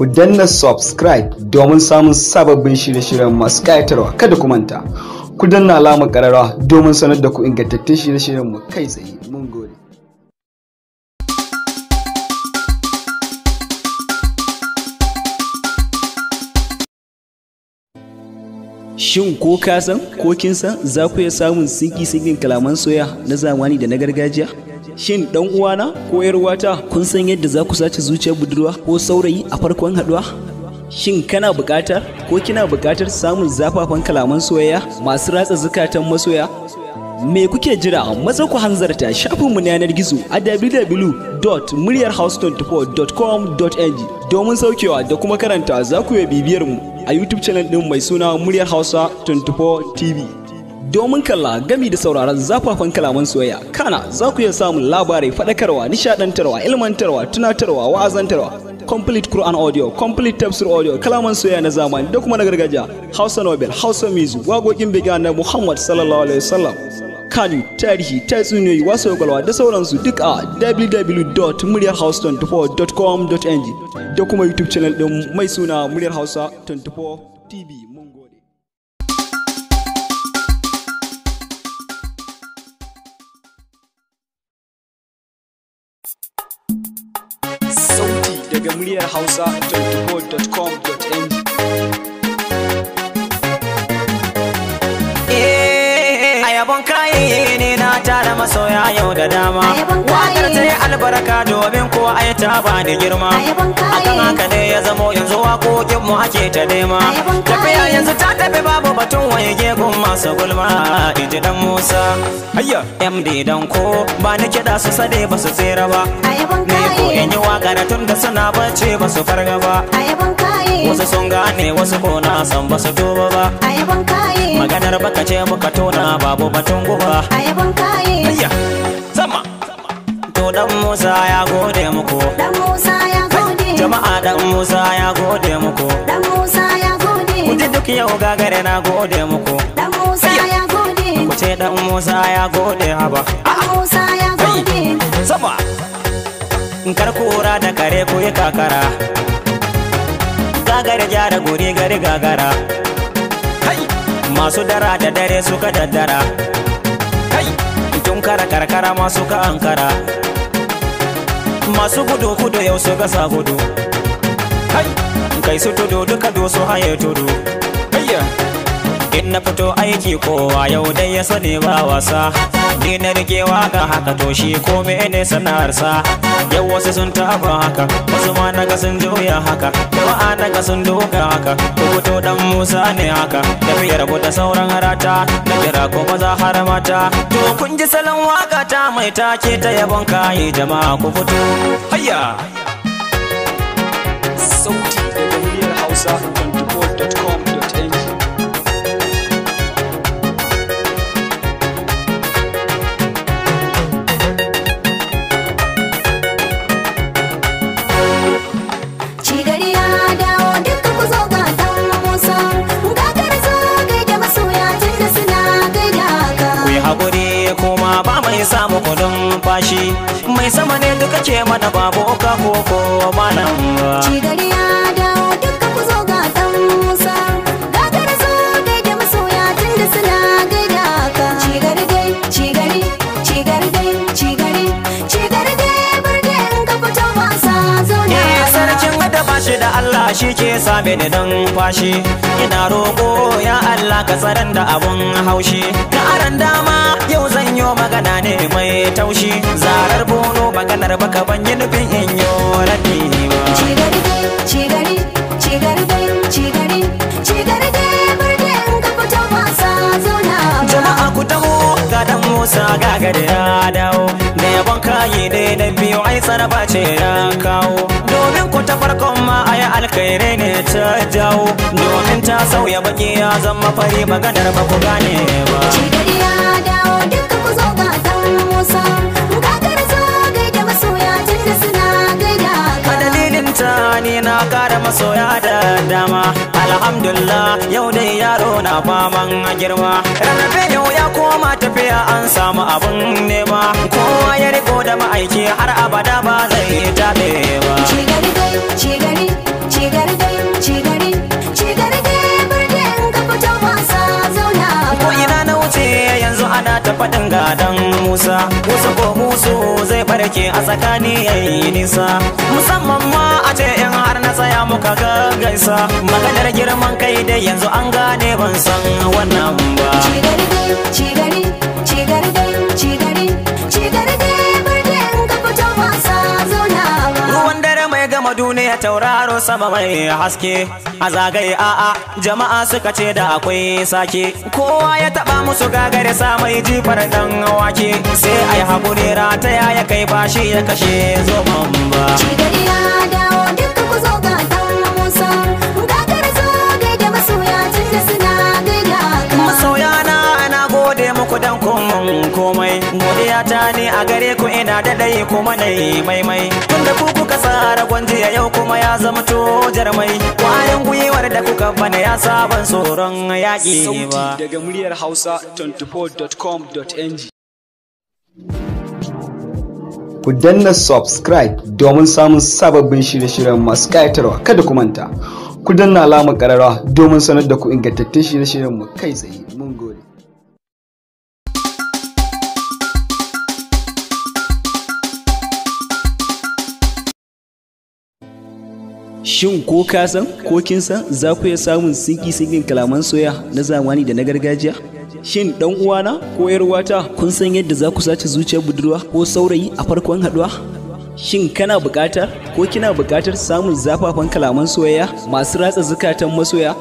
ku danna subscribe domin samun sababbin shirye-shiryen masu kayatarwa kada ku manta ku danna alamar kararwa domin sanar da ku ingantattun shirye-shiryen mu kai tsaye mun gode Shin ko ka san ko kin san za ku iya samun sinki-sinkin kalaman soya na zamani da na gargajiya? shin dan uwana ko yar uwata kun san yadda za ku sace zuciyar budurwa ko saurayi a farkon haduwa shin kana buƙatar ko kina buƙatar samun zafafan kalaman soyayya masu ratsa zukatan masoya me kuke jira maza ku hanzarta shafinmu na yanar gizo a www.muryarhouse24.com.ng domin saukewa da kuma karanta za ku yi bibiyar mu a youtube channel din mai suna muryar hausa 24 tv domin kalla gami da sauraron zafafan kalaman soyayya kana za ku iya samun labarai faɗakarwa nishaɗantarwa ilmantarwa tunatarwa wa'azantarwa complete Quran audio complete tafsir audio kalaman soyayya na zamani da kuma na gargajiya Hausa Nobel Hausa Mizu, wagogin biga na Muhammad sallallahu alaihi wasallam kanu tarihi tatsuniyoyi wasu gwalwa da sauransu duk a www.muryarhausa24.com.ng da kuma YouTube channel ɗin mai suna Muryar Hausa 24 TV. daga muryar hausa.com.ng ne na tara masoya yau da dama wakar ta yi albarka domin ko ai ta ba da girma akan haka ne ya zamo yanzu wa waƙoƙin mu ake ta nema tafiya yanzu ta tafi babu batun wani gegun masu gulma in dan musa hayya md dan ko ba ni kiɗa su sade ba su tsira ba ne ko in yi tun da suna bace ba su farga ba wasu sun gane wasu ko na san ba su tuba ba ayaban kaye maganar baka ce muka tona babu batun guba ayaban kaye sama to dan Musa ya gode muku dan Musa ya gode jama'a dan Musa ya gode muku dan Musa ya gode ku ji duk yau gagare na gode muku dan Musa ya gode ku ce dan Musa ya gode haba dan Musa ya gode sama in kar kura da kare ku yi kakara gare gyara gori gare gagara masu dara da dare suka daddara tun kara karkara masu ka ankara masu gudu gudu yau suka sa gudu kai su tudu duka su haye tudu na fito aiki kowa yau dai ya sani ba wasa ni na rike waka haka to shi ko ne sana'arsa yau wasu sun taba haka wasu ma ga sun juya haka jama'a naga sun doga haka to dan musa ne haka tafiyar rabu da sauran harata na kira ko maza har mata to kun ji salon waka ta mai take ta yabon kai jama'a ku fito hayya sauti da hausa shi mai sama ne duka ce mana babo ka koko malam Ci gari ya shi ke same ni fashi ina roƙo ya Allah ka tsaron da abun haushi Ka aran dama yau zan yi magana ne mai taushi zarar bono maganar baka ban yi nufin in yi rabi ba cigari Musa ga gari ya dawo da yabon kayi dai na biyu ai saraba ce ya kawo domin ku ta farkon alkhairi ne ta jawo domin ta sauya baki ya zama fari maganar ba ku gane ba na kara masoya da dama alhamdulillah yau dai yaro na faman girma rarrafe yau ya koma tafiya an samu abun nema kowa ya riko da ma'aiki har abada ba zai taɓe ba faɗin gadon musa musu ko musu zai barke a tsakani yayi nisa musamman ma a ce in har na tsaya muka ga gaisa maganar girman kai dai yanzu an gane ban san wannan ba ci gari. kuma duniya tauraro sama mai haske a zagaye a'a jama'a suka ce da akwai sake kowa ya taba musu gagare sa mai jifar dan wake sai yi haƙuri rataya ya kai bashi ya kashe zoman ba shi ya dawo zo ga dan musa godiya ta ne a gare ku ina da kuma na yi maimai tun da ku kuka sa gwanji yau kuma ya zama to jarmai kwayan gwiwar da kuka bane ya saban tsoron yaƙi ba daga muryar hausa 24.com.ng ku danna subscribe domin samun sababbin shirye-shiryen masu ƙayatarwa kada ku manta ku danna alamar ƙararwa domin sanar da ku ingantattun shirye-shiryen mu kai tsaye shin ko ka san ko kin san za ku iya samun sinki sinkin kalaman soya na zamani da na gargajiya shin dan uwana ko yar wata kun san yadda za ku sace zuciyar budurwa ko saurayi a farkon haduwa Shin kana bukatar ko kina buƙatar samun zafafan kalaman soyayya masu ratsa zukatan masoya?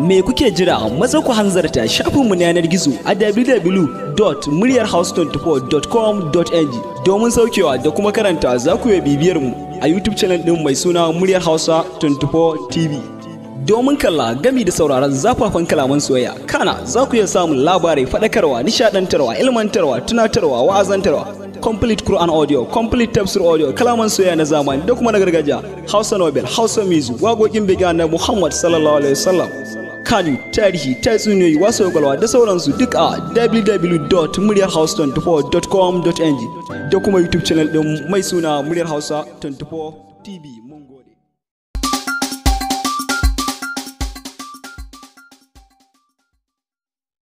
Me kuke jira maza ku hanzarta shafinmu na yanar gizo a www.muryarhouse24.com.ng domin saukewa da kuma karanta za ku yi mu. a YouTube channel ɗin mai suna muryar Hausa 24 TV. Domin kalla gami da sauraron zafafan kalaman soyayya, kana za ku iya samun labarai faɗakarwa, nishaɗantarwa, ilmantarwa, tunatarwa, wa'azantarwa. Complete Quran audio, complete tafsir audio, kalaman soyayya na zamani da kuma na gargajiya, Hausa Nobel, Hausa Mizu, wagogin biga na Muhammad sallallahu alaihi wasallam. kanu tarihi tatsuniyoyi wasu kwakwalwa da sauransu duk a wwwmuryarhouse 24comng da kuma youtube channel din mai suna muryar hausa 24 tv